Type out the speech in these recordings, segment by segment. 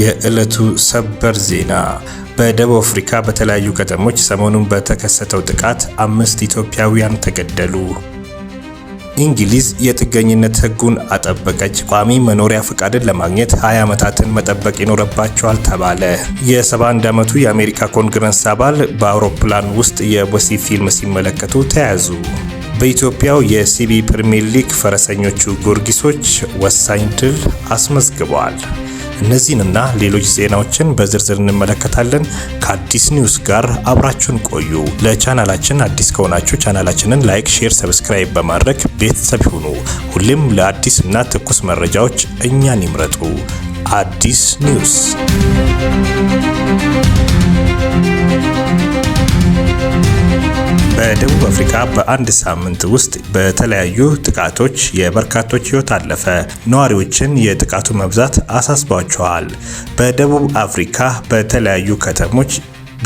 የዕለቱ ሰበር ዜና በደቡብ አፍሪካ በተለያዩ ከተሞች ሰሞኑን በተከሰተው ጥቃት አምስት ኢትዮጵያውያን ተገደሉ። እንግሊዝ የጥገኝነት ሕጉን አጠበቀች። ቋሚ መኖሪያ ፈቃድን ለማግኘት 20 ዓመታትን መጠበቅ ይኖረባቸዋል ተባለ። የ71 ዓመቱ የአሜሪካ ኮንግረስ አባል በአውሮፕላን ውስጥ የወሲብ ፊልም ሲመለከቱ ተያዙ። በኢትዮጵያው የሲቢ ፕሪሚየር ሊግ ፈረሰኞቹ ጊዮርጊሶች ወሳኝ ድል አስመዝግበዋል። እነዚህንና ሌሎች ዜናዎችን በዝርዝር እንመለከታለን። ከአዲስ ኒውስ ጋር አብራችሁን ቆዩ። ለቻናላችን አዲስ ከሆናችሁ ቻናላችንን ላይክ፣ ሼር፣ ሰብስክራይብ በማድረግ ቤተሰብ ይሁኑ። ሁሌም ለአዲስ እና ትኩስ መረጃዎች እኛን ይምረጡ። አዲስ ኒውስ በደቡብ አፍሪካ በአንድ ሳምንት ውስጥ በተለያዩ ጥቃቶች የበርካቶች ህይወት አለፈ። ነዋሪዎችን የጥቃቱ መብዛት አሳስቧቸዋል። በደቡብ አፍሪካ በተለያዩ ከተሞች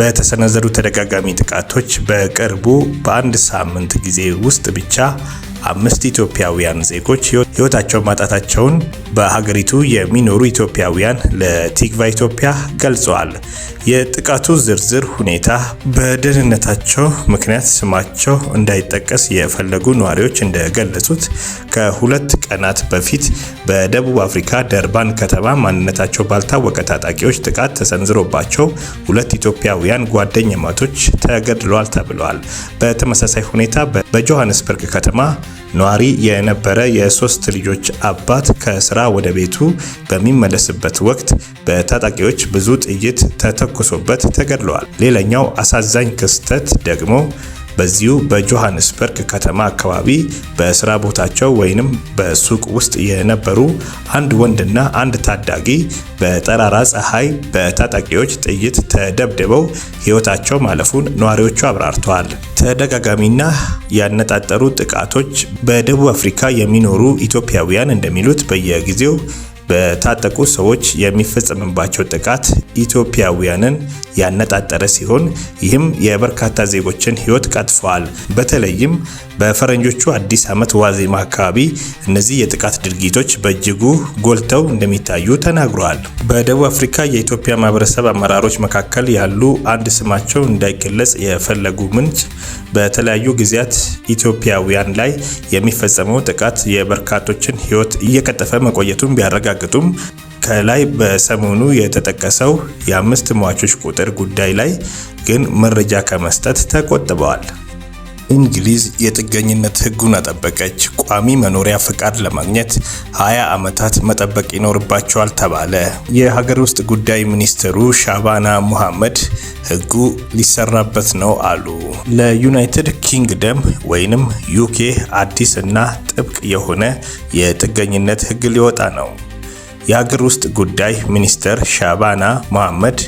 በተሰነዘሩ ተደጋጋሚ ጥቃቶች በቅርቡ በአንድ ሳምንት ጊዜ ውስጥ ብቻ አምስት ኢትዮጵያውያን ዜጎች ህይወታቸውን ማጣታቸውን በሀገሪቱ የሚኖሩ ኢትዮጵያውያን ለቲግቫ ኢትዮጵያ ገልጸዋል። የጥቃቱ ዝርዝር ሁኔታ በደህንነታቸው ምክንያት ስማቸው እንዳይጠቀስ የፈለጉ ነዋሪዎች እንደገለጹት ከሁለት ቀናት በፊት በደቡብ አፍሪካ ደርባን ከተማ ማንነታቸው ባልታወቀ ታጣቂዎች ጥቃት ተሰንዝሮባቸው ሁለት ኢትዮጵያውያን ጓደኛማቶች ተገድለዋል ተብለዋል። በተመሳሳይ ሁኔታ በጆሃንስበርግ ከተማ ነዋሪ የነበረ የሶስት ልጆች አባት ከስራ ወደ ቤቱ በሚመለስበት ወቅት በታጣቂዎች ብዙ ጥይት ተተኩሶበት ተገድለዋል። ሌላኛው አሳዛኝ ክስተት ደግሞ በዚሁ በጆሃንስበርግ ከተማ አካባቢ በስራ ቦታቸው ወይንም በሱቅ ውስጥ የነበሩ አንድ ወንድና አንድ ታዳጊ በጠራራ ፀሐይ በታጣቂዎች ጥይት ተደብድበው ህይወታቸው ማለፉን ነዋሪዎቹ አብራርተዋል። ተደጋጋሚና ያነጣጠሩ ጥቃቶች በደቡብ አፍሪካ የሚኖሩ ኢትዮጵያውያን እንደሚሉት በየጊዜው በታጠቁ ሰዎች የሚፈጸምባቸው ጥቃት ኢትዮጵያውያንን ያነጣጠረ ሲሆን ይህም የበርካታ ዜጎችን ሕይወት ቀጥፈዋል። በተለይም በፈረንጆቹ አዲስ ዓመት ዋዜማ አካባቢ እነዚህ የጥቃት ድርጊቶች በእጅጉ ጎልተው እንደሚታዩ ተናግረዋል። በደቡብ አፍሪካ የኢትዮጵያ ማህበረሰብ አመራሮች መካከል ያሉ አንድ ስማቸው እንዳይገለጽ የፈለጉ ምንጭ በተለያዩ ጊዜያት ኢትዮጵያውያን ላይ የሚፈጸመው ጥቃት የበርካቶችን ሕይወት እየቀጠፈ መቆየቱን ቢያረጋግጥ ቢያረጋግጡም ከላይ በሰሞኑ የተጠቀሰው የአምስት ሟቾች ቁጥር ጉዳይ ላይ ግን መረጃ ከመስጠት ተቆጥበዋል። እንግሊዝ የጥገኝነት ህጉን አጠበቀች። ቋሚ መኖሪያ ፍቃድ ለማግኘት 20 ዓመታት መጠበቅ ይኖርባቸዋል ተባለ። የሀገር ውስጥ ጉዳይ ሚኒስትሩ ሻባና ሙሐመድ ህጉ ሊሰራበት ነው አሉ። ለዩናይትድ ኪንግደም ወይንም ዩኬ አዲስ እና ጥብቅ የሆነ የጥገኝነት ህግ ሊወጣ ነው። የሀገር ውስጥ ጉዳይ ሚኒስተር ሻባና መሐመድ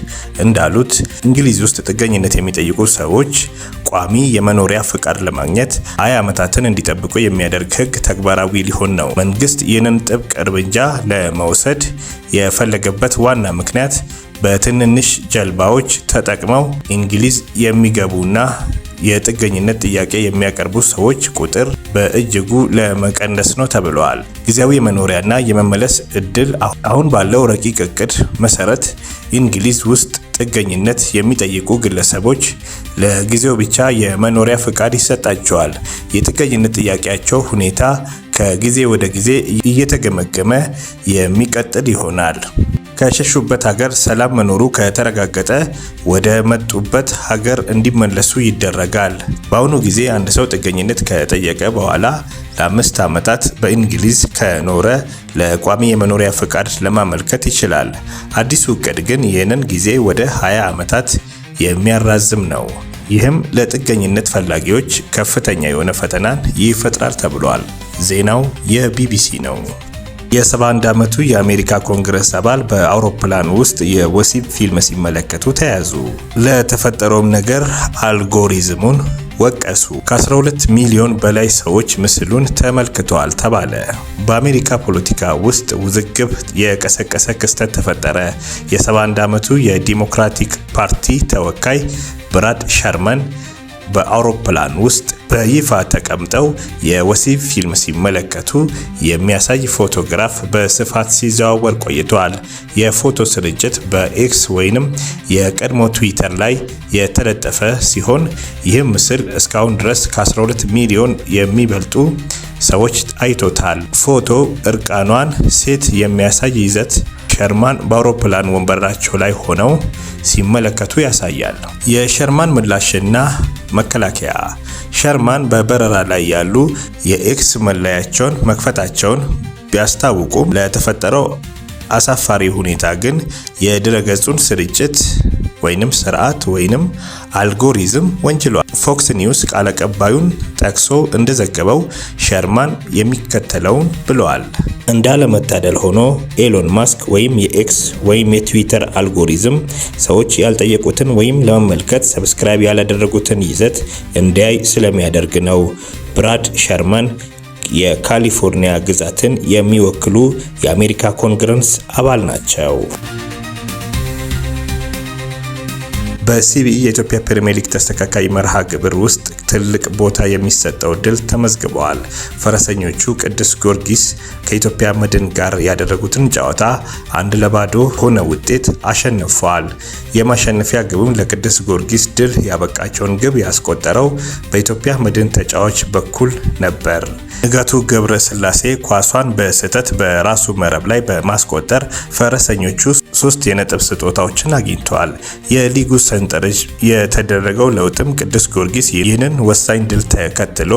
እንዳሉት እንግሊዝ ውስጥ ጥገኝነት የሚጠይቁ ሰዎች ቋሚ የመኖሪያ ፍቃድ ለማግኘት ሀያ ዓመታትን እንዲጠብቁ የሚያደርግ ህግ ተግባራዊ ሊሆን ነው። መንግስት ይህንን ጥብቅ እርምጃ ለመውሰድ የፈለገበት ዋና ምክንያት በትንንሽ ጀልባዎች ተጠቅመው እንግሊዝ የሚገቡና የጥገኝነት ጥያቄ የሚያቀርቡ ሰዎች ቁጥር በእጅጉ ለመቀነስ ነው ተብለዋል። ጊዜያዊ የመኖሪያና የመመለስ እድል አሁን ባለው ረቂቅ እቅድ መሰረት እንግሊዝ ውስጥ ጥገኝነት የሚጠይቁ ግለሰቦች ለጊዜው ብቻ የመኖሪያ ፍቃድ ይሰጣቸዋል። የጥገኝነት ጥያቄያቸው ሁኔታ ከጊዜ ወደ ጊዜ እየተገመገመ የሚቀጥል ይሆናል። ከሸሹበት ሀገር ሰላም መኖሩ ከተረጋገጠ ወደ መጡበት ሀገር እንዲመለሱ ይደረጋል። በአሁኑ ጊዜ አንድ ሰው ጥገኝነት ከጠየቀ በኋላ ለአምስት ዓመታት በእንግሊዝ ከኖረ ለቋሚ የመኖሪያ ፈቃድ ለማመልከት ይችላል። አዲሱ እቅድ ግን ይህንን ጊዜ ወደ 20 ዓመታት የሚያራዝም ነው። ይህም ለጥገኝነት ፈላጊዎች ከፍተኛ የሆነ ፈተናን ይፈጥራል ተብሏል። ዜናው የቢቢሲ ነው። የ71 ዓመቱ የአሜሪካ ኮንግረስ አባል በአውሮፕላን ውስጥ የወሲብ ፊልም ሲመለከቱ ተያዙ። ለተፈጠረውም ነገር አልጎሪዝሙን ወቀሱ። ከ12 ሚሊዮን በላይ ሰዎች ምስሉን ተመልክተዋል ተባለ። በአሜሪካ ፖለቲካ ውስጥ ውዝግብ የቀሰቀሰ ክስተት ተፈጠረ። የ71 ዓመቱ የዲሞክራቲክ ፓርቲ ተወካይ ብራድ ሸርመን በአውሮፕላን ውስጥ በይፋ ተቀምጠው የወሲብ ፊልም ሲመለከቱ የሚያሳይ ፎቶግራፍ በስፋት ሲዘዋወር ቆይቷል። የፎቶ ስርጭት በኤክስ ወይንም የቀድሞ ትዊተር ላይ የተለጠፈ ሲሆን ይህም ምስል እስካሁን ድረስ ከ12 ሚሊዮን የሚበልጡ ሰዎች አይቶታል። ፎቶ እርቃኗን ሴት የሚያሳይ ይዘት ሸርማን በአውሮፕላን ወንበራቸው ላይ ሆነው ሲመለከቱ ያሳያል። የሸርማን ምላሽና መከላከያ ሸርማን በበረራ ላይ ያሉ የኤክስ መለያቸውን መክፈታቸውን ቢያስታውቁም ለተፈጠረው አሳፋሪ ሁኔታ ግን የድረገጹን ስርጭት ወይንም ስርዓት ወይንም አልጎሪዝም ወንጅሏል። ፎክስ ኒውስ ቃል አቀባዩን ጠቅሶ እንደዘገበው ሸርማን የሚከተለውን ብለዋል። እንዳለመታደል ሆኖ ኤሎን ማስክ ወይም የኤክስ ወይም የትዊተር አልጎሪዝም ሰዎች ያልጠየቁትን ወይም ለመመልከት ሰብስክራይብ ያላደረጉትን ይዘት እንዲያይ ስለሚያደርግ ነው። ብራድ ሸርማን የካሊፎርኒያ ግዛትን የሚወክሉ የአሜሪካ ኮንግረስ አባል ናቸው። በሲቢኢ የኢትዮጵያ ፕሪሚየር ሊግ ተስተካካይ መርሃ ግብር ውስጥ ትልቅ ቦታ የሚሰጠው ድል ተመዝግበዋል። ፈረሰኞቹ ቅዱስ ጊዮርጊስ ከኢትዮጵያ መድን ጋር ያደረጉትን ጨዋታ አንድ ለባዶ ሆነ ውጤት አሸንፈዋል። የማሸነፊያ ግብም ለቅዱስ ጊዮርጊስ ድል ያበቃቸውን ግብ ያስቆጠረው በኢትዮጵያ መድን ተጫዋች በኩል ነበር። ንጋቱ ገብረ ስላሴ ኳሷን በስህተት በራሱ መረብ ላይ በማስቆጠር ፈረሰኞቹ ሶስት የነጥብ ስጦታዎችን አግኝተዋል። የሊጉ ሰንጠረዥ የተደረገው ለውጥም ቅዱስ ጊዮርጊስ ይህንን ወሳኝ ድል ተከትሎ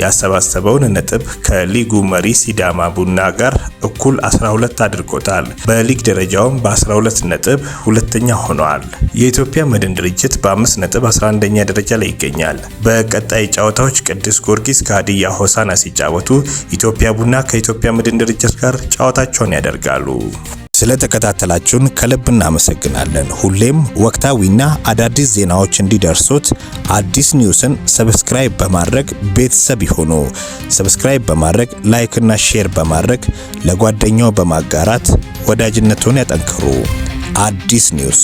ያሰባሰበውን ነጥብ ከሊጉ መሪ ሲዳማ ቡና ጋር እኩል 12 አድርጎታል። በሊግ ደረጃውም በ12 ነጥብ ሁለተኛ ሆነዋል። የኢትዮጵያ መድን ድርጅት በ5 ነጥብ 11ኛ ደረጃ ላይ ይገኛል። በቀጣይ ጨዋታዎች ቅዱስ ጊዮርጊስ ከሀዲያ ሆሳና ሲጫወቱ፣ ኢትዮጵያ ቡና ከኢትዮጵያ መድን ድርጅት ጋር ጨዋታቸውን ያደርጋሉ። ስለተከታተላችሁን ከልብ እናመሰግናለን። ሁሌም ወቅታዊና አዳዲስ ዜናዎች እንዲደርሱት አዲስ ኒውስን ሰብስክራይብ በማድረግ ቤተሰብ ይሁኑ። ሰብስክራይብ በማድረግ ላይክና ሼር በማድረግ ለጓደኛው በማጋራት ወዳጅነቱን ያጠንክሩ። አዲስ ኒውስ